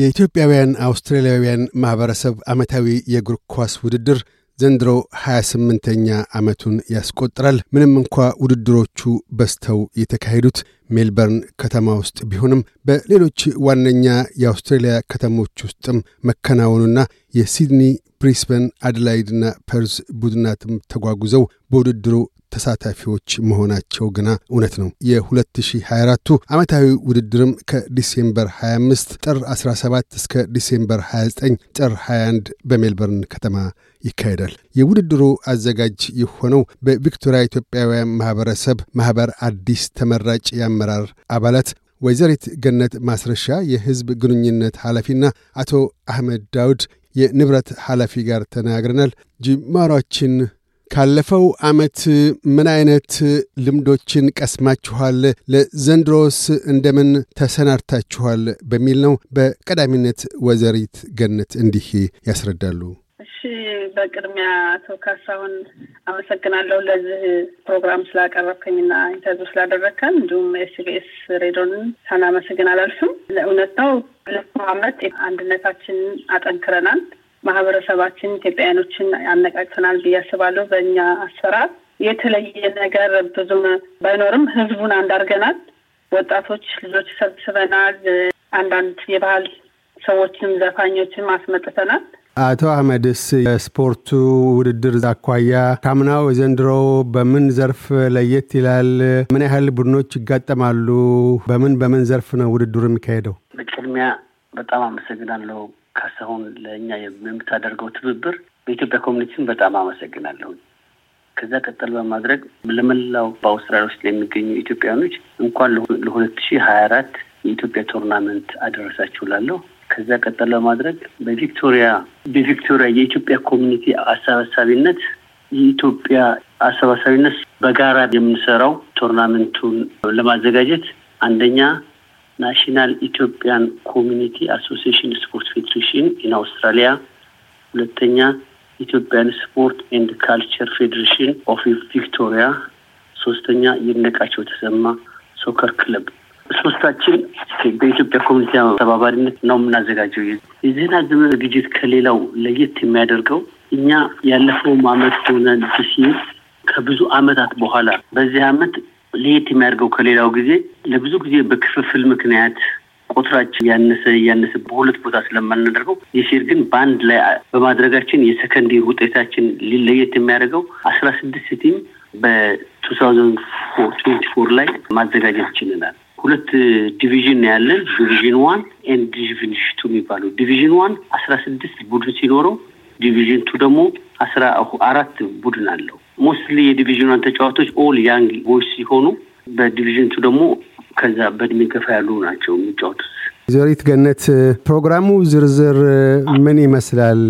የኢትዮጵያውያን አውስትራሊያውያን ማኅበረሰብ ዓመታዊ የእግር ኳስ ውድድር ዘንድሮ 28ኛ ዓመቱን ያስቆጥራል። ምንም እንኳ ውድድሮቹ በዝተው የተካሄዱት ሜልበርን ከተማ ውስጥ ቢሆንም በሌሎች ዋነኛ የአውስትሬልያ ከተሞች ውስጥም መከናወኑና የሲድኒ፣ ብሪስበን፣ አድላይድና ፐርዝ ቡድናትም ተጓጉዘው በውድድሩ ተሳታፊዎች መሆናቸው ግና እውነት ነው። የ2024ቱ ዓመታዊ ውድድርም ከዲሴምበር 25 ጥር 17 እስከ ዲሴምበር 29 ጥር 21 በሜልበርን ከተማ ይካሄዳል። የውድድሩ አዘጋጅ የሆነው በቪክቶሪያ ኢትዮጵያውያን ማኅበረሰብ ማኅበር አዲስ ተመራጭ የአመራር አባላት ወይዘሪት ገነት ማስረሻ የሕዝብ ግንኙነት ኃላፊና አቶ አህመድ ዳውድ የንብረት ኃላፊ ጋር ተነጋግረናል። ጅማሯችን ካለፈው ዓመት ምን አይነት ልምዶችን ቀስማችኋል? ለዘንድሮስ እንደምን ተሰናድታችኋል? በሚል ነው። በቀዳሚነት ወይዘሪት ገነት እንዲህ ያስረዳሉ። እሺ፣ በቅድሚያ አቶ ካሳሁን አመሰግናለሁ ለዚህ ፕሮግራም ስላቀረብከኝና ኢንተርቪው ስላደረግከን እንዲሁም ኤስቢኤስ ሬዲዮንን ሳላመሰግን አላልፍም። ለእውነት ነው፣ ለፈው ዓመት አንድነታችንን አጠንክረናል። ማህበረሰባችን ኢትዮጵያውያኖችን ያነቃቅተናል ብዬ አስባለሁ። በእኛ አሰራር የተለየ ነገር ብዙም ባይኖርም ህዝቡን አንድ አድርገናል። ወጣቶች ልጆች ሰብስበናል። አንዳንድ የባህል ሰዎችም ዘፋኞችም አስመጥተናል። አቶ አህመድስ የስፖርቱ ውድድር አኳያ ካምናው ዘንድሮ በምን ዘርፍ ለየት ይላል? ምን ያህል ቡድኖች ይጋጠማሉ? በምን በምን ዘርፍ ነው ውድድሩ የሚካሄደው? በቅድሚያ በጣም አመሰግናለሁ ካሳሁን ለእኛ የምታደርገው ትብብር በኢትዮጵያ ኮሚኒቲም በጣም አመሰግናለሁ። ከዛ ቀጠል በማድረግ ለመላው በአውስትራሊያ ውስጥ የሚገኙ ኢትዮጵያውያኖች እንኳን ለሁለት ሺህ ሀያ አራት የኢትዮጵያ ቶርናመንት አደረሳችሁ ላለሁ። ከዛ ቀጠል በማድረግ በቪክቶሪያ በቪክቶሪያ የኢትዮጵያ ኮሚኒቲ አሰባሳቢነት የኢትዮጵያ አሰባሳቢነት በጋራ የምንሰራው ቶርናመንቱን ለማዘጋጀት አንደኛ ናሽናል ኢትዮጵያን ኮሚኒቲ አሶሲሽን ስፖርት ፌዴሬሽን ኢን አውስትራሊያ፣ ሁለተኛ ኢትዮጵያን ስፖርት ኤንድ ካልቸር ፌዴሬሽን ኦፍ ቪክቶሪያ፣ ሶስተኛ ይድነቃቸው ተሰማ ሶከር ክለብ። ሶስታችን በኢትዮጵያ ኮሚኒቲ ተባባሪነት ነው የምናዘጋጀው። የዜና ዝግጅት ከሌላው ለየት የሚያደርገው እኛ ያለፈው አመት ሆነ ሲል ከብዙ አመታት በኋላ በዚህ አመት ለየት የሚያደርገው ከሌላው ጊዜ ለብዙ ጊዜ በክፍፍል ምክንያት ቁጥራችን ያነሰ እያነሰ በሁለት ቦታ ስለማናደርገው የሴር ግን በአንድ ላይ በማድረጋችን የሰከንድ ውጤታችን ለየት የሚያደርገው አስራ ስድስት ሲቲም በቱ ሳውዘንድ ፎር ላይ ማዘጋጀት ችልናል። ሁለት ዲቪዥን ያለን ዲቪዥን ዋን ኤንድ ዲቪዥን ቱ የሚባሉ ዲቪዥን ዋን አስራ ስድስት ቡድን ሲኖረው ዲቪዥን ቱ ደግሞ አስራ አራት ቡድን አለው። ሞስትሊ የዲቪዥን ዋን ተጫዋቾች ኦል ያንግ ቦይስ ሲሆኑ በዲቪዥን ቱ ደግሞ ከዛ በእድሜ ገፋ ያሉ ናቸው የሚጫወቱት። ዘሪት ገነት፣ ፕሮግራሙ ዝርዝር ምን ይመስላል?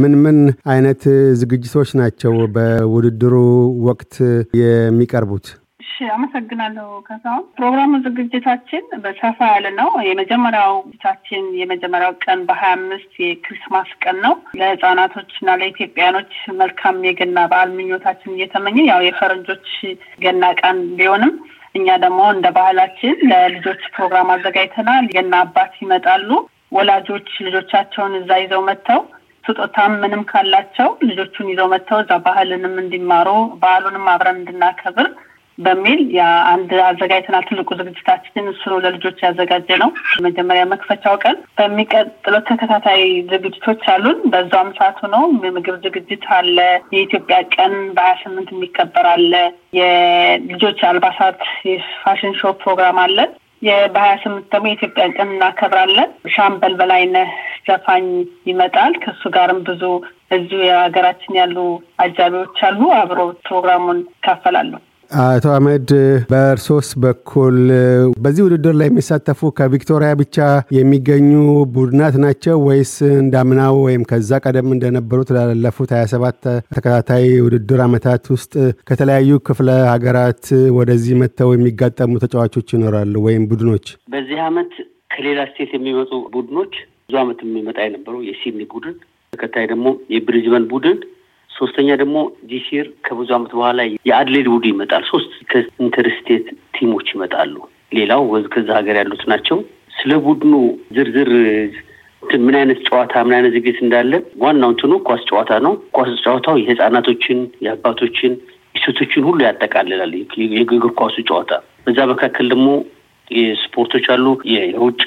ምን ምን አይነት ዝግጅቶች ናቸው በውድድሩ ወቅት የሚቀርቡት? አመሰግናለሁ ከሳሁን። ፕሮግራሙ ዝግጅታችን በሰፋ ያለ ነው። የመጀመሪያው ቻችን የመጀመሪያው ቀን በሀያ አምስት የክሪስማስ ቀን ነው። ለህጻናቶች እና ለኢትዮጵያኖች መልካም የገና በዓል ምኞታችን እየተመኘ ያው የፈረንጆች ገና ቀን ቢሆንም እኛ ደግሞ እንደ ባህላችን ለልጆች ፕሮግራም አዘጋጅተናል። ገና አባት ይመጣሉ። ወላጆች ልጆቻቸውን እዛ ይዘው መጥተው ስጦታም ምንም ካላቸው ልጆቹን ይዘው መጥተው እዛ ባህልንም እንዲማሩ በዓሉንም አብረን እንድናከብር በሚል የአንድ አዘጋጅተናል። ትልቁ ዝግጅታችን እሱ ነው፣ ለልጆች ያዘጋጀ ነው። መጀመሪያ መክፈቻው ቀን፣ በሚቀጥለው ተከታታይ ዝግጅቶች አሉን። በዛም ሰዓቱ ነው የምግብ ዝግጅት አለ። የኢትዮጵያ ቀን በሀያ ስምንት የሚከበር አለ። የልጆች አልባሳት የፋሽን ሾው ፕሮግራም አለ። በሀያ ስምንት ደግሞ የኢትዮጵያ ቀን እናከብራለን። ሻምበል በላይነህ ዘፋኝ ይመጣል። ከሱ ጋርም ብዙ እዚሁ የሀገራችን ያሉ አጃቢዎች አሉ። አብሮ ፕሮግራሙን ይካፈላሉ። አቶ አህመድ በእርሶስ በኩል በዚህ ውድድር ላይ የሚሳተፉ ከቪክቶሪያ ብቻ የሚገኙ ቡድናት ናቸው ወይስ እንዳምናው ወይም ከዛ ቀደም እንደነበሩት ላለፉት 27 ተከታታይ ውድድር ዓመታት ውስጥ ከተለያዩ ክፍለ ሀገራት ወደዚህ መጥተው የሚጋጠሙ ተጫዋቾች ይኖራሉ ወይም ቡድኖች? በዚህ አመት ከሌላ ስቴት የሚመጡ ቡድኖች ብዙ አመት የሚመጣ የነበረው የሲድኒ ቡድን ተከታይ ደግሞ የብሪዝበን ቡድን ሶስተኛ ደግሞ ዲሲር ከብዙ ዓመት በኋላ የአድሌድ ቡድን ይመጣል። ሶስት ከኢንተርስቴት ቲሞች ይመጣሉ። ሌላው ወዝ ከዛ ሀገር ያሉት ናቸው። ስለ ቡድኑ ዝርዝር ምን አይነት ጨዋታ ምን አይነት ዝግጅት እንዳለ ዋናው እንትኑ ኳስ ጨዋታ ነው። ኳስ ጨዋታው የህፃናቶችን፣ የአባቶችን፣ የሴቶችን ሁሉ ያጠቃልላል የእግር ኳሱ ጨዋታ። በዛ መካከል ደግሞ ስፖርቶች አሉ። የሩጫ፣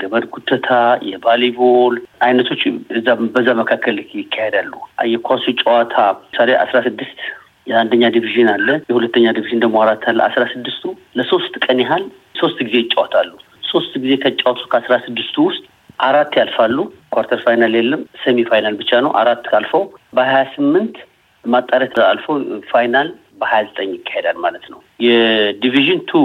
ገመድ ጉተታ፣ የቫሊቦል አይነቶች በዛ መካከል ይካሄዳሉ። የኳሱ ጨዋታ ምሳሌ አስራ ስድስት የአንደኛ ዲቪዥን አለ። የሁለተኛ ዲቪዥን ደግሞ አራት አለ። አስራ ስድስቱ ለሶስት ቀን ያህል ሶስት ጊዜ ይጫወታሉ። ሶስት ጊዜ ከጫወቱ ከአስራ ስድስቱ ውስጥ አራት ያልፋሉ። ኳርተር ፋይናል የለም፣ ሴሚ ፋይናል ብቻ ነው። አራት ካልፈው በሀያ ስምንት ማጣሪያ አልፎ ፋይናል በሀያ ዘጠኝ ይካሄዳል ማለት ነው። የዲቪዥን ቱ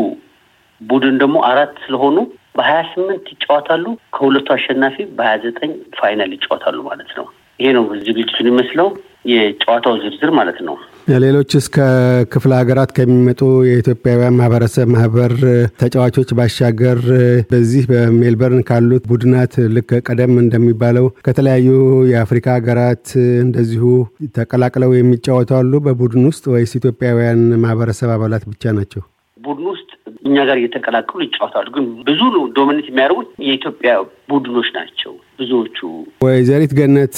ቡድን ደግሞ አራት ስለሆኑ በሀያ ስምንት ይጫወታሉ። ከሁለቱ አሸናፊ በሀያ ዘጠኝ ፋይናል ይጫወታሉ ማለት ነው። ይሄ ነው ዝግጅቱን ይመስለው የጨዋታው ዝርዝር ማለት ነው። ሌሎች እስከ ክፍለ ሀገራት ከሚመጡ የኢትዮጵያውያን ማህበረሰብ ማህበር ተጫዋቾች ባሻገር በዚህ በሜልበርን ካሉት ቡድናት ልክ ቀደም እንደሚባለው ከተለያዩ የአፍሪካ ሀገራት እንደዚሁ ተቀላቅለው የሚጫወቱ አሉ በቡድን ውስጥ ወይስ ኢትዮጵያውያን ማህበረሰብ አባላት ብቻ ናቸው? ቡድን ውስጥ እኛ ጋር እየተቀላቀሉ ይጫወታሉ። ግን ብዙ ዶሚኔት የሚያደርጉት የኢትዮጵያ ቡድኖች ናቸው ብዙዎቹ። ወይዘሪት ገነት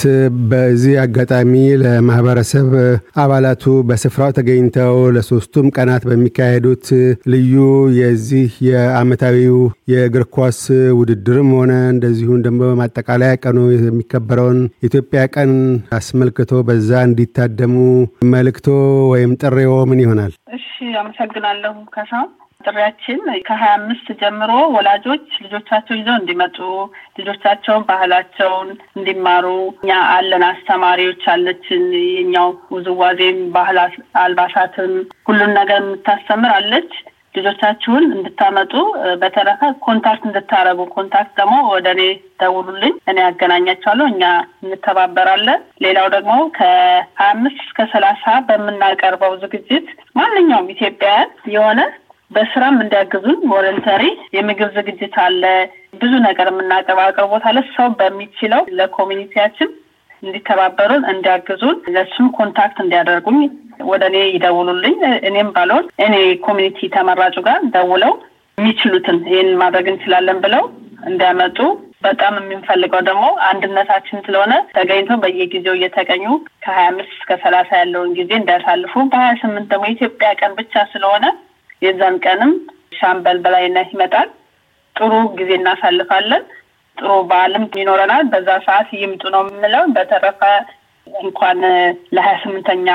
በዚህ አጋጣሚ ለማህበረሰብ አባላቱ በስፍራው ተገኝተው ለሶስቱም ቀናት በሚካሄዱት ልዩ የዚህ የአመታዊው የእግር ኳስ ውድድርም ሆነ እንደዚሁም ደግሞ ማጠቃለያ ቀኑ የሚከበረውን ኢትዮጵያ ቀን አስመልክቶ በዛ እንዲታደሙ መልእክቶ ወይም ጥሬዎ ምን ይሆናል? እሺ፣ አመሰግናለሁ ካሳ ጥሪያችን ከሀያ አምስት ጀምሮ ወላጆች ልጆቻቸው ይዘው እንዲመጡ ልጆቻቸውን ባህላቸውን እንዲማሩ እኛ አለን አስተማሪዎች አለችን። የኛው ውዝዋዜም ባህል አልባሳትም ሁሉን ነገር የምታስተምር አለች። ልጆቻችሁን እንድታመጡ በተረፈ ኮንታክት እንድታረጉ ኮንታክት ደግሞ ወደ እኔ ደውሉልኝ፣ እኔ ያገናኛቸዋለሁ። እኛ እንተባበራለን። ሌላው ደግሞ ከሀያ አምስት እስከ ሰላሳ በምናቀርበው ዝግጅት ማንኛውም ኢትዮጵያውያን የሆነ በስራም እንዲያግዙን ቮለንተሪ የምግብ ዝግጅት አለ። ብዙ ነገር የምናቀርብ አቅርቦት አለ። ሰው በሚችለው ለኮሚኒቲያችን እንዲተባበሩን እንዲያግዙን፣ ለሱም ኮንታክት እንዲያደርጉኝ ወደ እኔ ይደውሉልኝ። እኔም ባልሆን እኔ ኮሚኒቲ ተመራጩ ጋር ደውለው የሚችሉትን ይህን ማድረግ እንችላለን ብለው እንዲያመጡ በጣም የምንፈልገው ደግሞ አንድነታችን ስለሆነ ተገኝቶ በየጊዜው እየተገኙ ከሀያ አምስት እስከ ሰላሳ ያለውን ጊዜ እንዲያሳልፉ በሀያ ስምንት ደግሞ የኢትዮጵያ ቀን ብቻ ስለሆነ የዛን ቀንም ሻምበል በላይነህ ይመጣል። ጥሩ ጊዜ እናሳልፋለን። ጥሩ በዓልም ይኖረናል። በዛ ሰዓት ይምጡ ነው የምንለው። በተረፈ እንኳን ለሀያ ስምንተኛ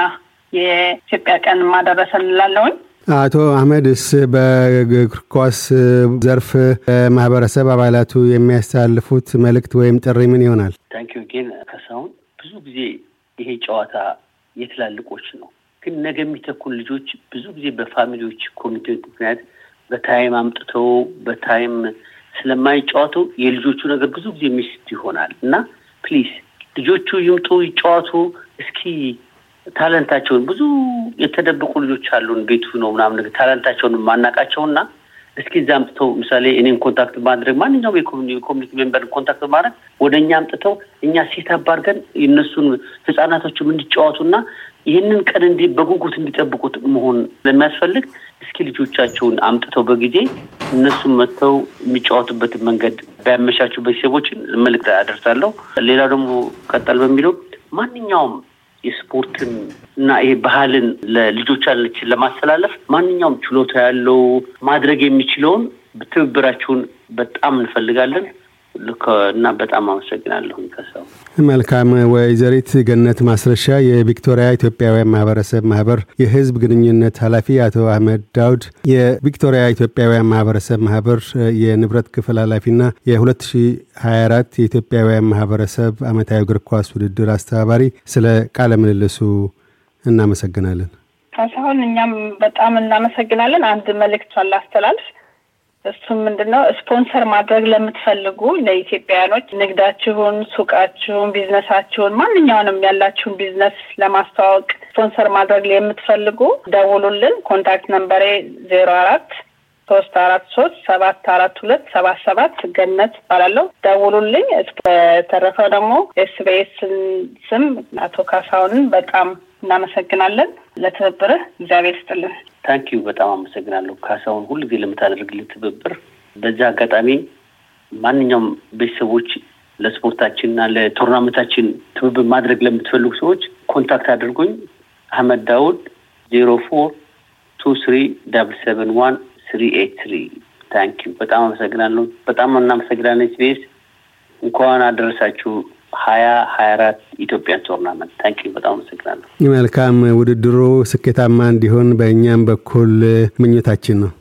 የኢትዮጵያ ቀን ማደረሰን እንላለውን። አቶ አህመድስ በእግር ኳስ ዘርፍ ማህበረሰብ አባላቱ የሚያስተላልፉት መልእክት ወይም ጥሪ ምን ይሆናል? ታንኪዩ ጌን ከሳሁን ብዙ ጊዜ ይሄ ጨዋታ የትላልቆች ነው ግን ነገ የሚተኩን ልጆች ብዙ ጊዜ በፋሚሊዎች ኮሚቴዎች ምክንያት በታይም አምጥተው በታይም ስለማይጫወቱ የልጆቹ ነገር ብዙ ጊዜ ሚስት ይሆናል እና ፕሊዝ ልጆቹ ይምጡ፣ ይጫወቱ። እስኪ ታለንታቸውን ብዙ የተደበቁ ልጆች አሉን ቤቱ ነው ምናምን ታለንታቸውን ማናቃቸውና እስኪ እዛ አምጥተው ምሳሌ እኔን ኮንታክት ማድረግ ማንኛውም የኮሚኒቲ ሜምበር ኮንታክት ማድረግ ወደ እኛ አምጥተው እኛ ሴት አባርገን የእነሱን ህጻናቶችም እንዲጫወቱና ይህንን ቀን እንዲ በጉጉት እንዲጠብቁት መሆን ለሚያስፈልግ እስኪ ልጆቻቸውን አምጥተው በጊዜ እነሱም መጥተው የሚጫወቱበትን መንገድ ባያመቻቹ ቤተሰቦችን መልዕክት አደርሳለሁ። ሌላ ደግሞ ቀጠል በሚለው ማንኛውም የስፖርትን እና ይሄ ባህልን ለልጆች ለማስተላለፍ ማንኛውም ችሎታ ያለው ማድረግ የሚችለውን ትብብራችሁን በጣም እንፈልጋለን። እና በጣም አመሰግናለሁ ከሰው መልካም። ወይዘሪት ገነት ማስረሻ የቪክቶሪያ ኢትዮጵያውያን ማህበረሰብ ማህበር የህዝብ ግንኙነት ኃላፊ፣ አቶ አህመድ ዳውድ የቪክቶሪያ ኢትዮጵያውያን ማህበረሰብ ማህበር የንብረት ክፍል ኃላፊና የ2024 የኢትዮጵያውያን ማህበረሰብ አመታዊ እግር ኳስ ውድድር አስተባባሪ፣ ስለ ቃለ ምልልሱ እናመሰግናለን። ከሳሁን እኛም በጣም እናመሰግናለን። አንድ መልእክቷን ላስተላልፍ እሱም ምንድነው ስፖንሰር ማድረግ ለምትፈልጉ ለኢትዮጵያውያኖች ንግዳችሁን፣ ሱቃችሁን፣ ቢዝነሳችሁን ማንኛውንም ያላችሁን ቢዝነስ ለማስተዋወቅ ስፖንሰር ማድረግ የምትፈልጉ ደውሉልን። ኮንታክት ነንበሬ ዜሮ አራት ሶስት አራት ሶስት ሰባት አራት ሁለት ሰባት ሰባት ገነት እባላለሁ። ደውሉልኝ። በተረፈ ደግሞ ኤስቢኤስን ስም አቶ ካሳሁንን በጣም እናመሰግናለን። ለትብብርህ እግዚአብሔር ስጥልን። ታንኪዩ በጣም አመሰግናለሁ ካሳሁን፣ ሁልጊዜ ለምታደርግልን ትብብር። በዚህ አጋጣሚ ማንኛውም ቤተሰቦች ለስፖርታችን ና ለቶርናመንታችን ትብብር ማድረግ ለምትፈልጉ ሰዎች ኮንታክት አድርጉኝ። አህመድ ዳውድ ዜሮ ፎር ቱ ስሪ ዳብል ሰቨን ዋን ስሪ ኤት ስሪ። ታንኪዩ በጣም አመሰግናለሁ። በጣም እናመሰግናለን። ስቤስ እንኳን አደረሳችሁ። ሀያ ሀያ አራት ኢትዮጵያ ቶርናመንት ታንኪ በጣም አመሰግናለሁ። መልካም ውድድሩ ስኬታማ እንዲሆን በእኛም በኩል ምኞታችን ነው።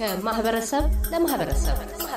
ከማህበረሰብ ለማህበረሰብ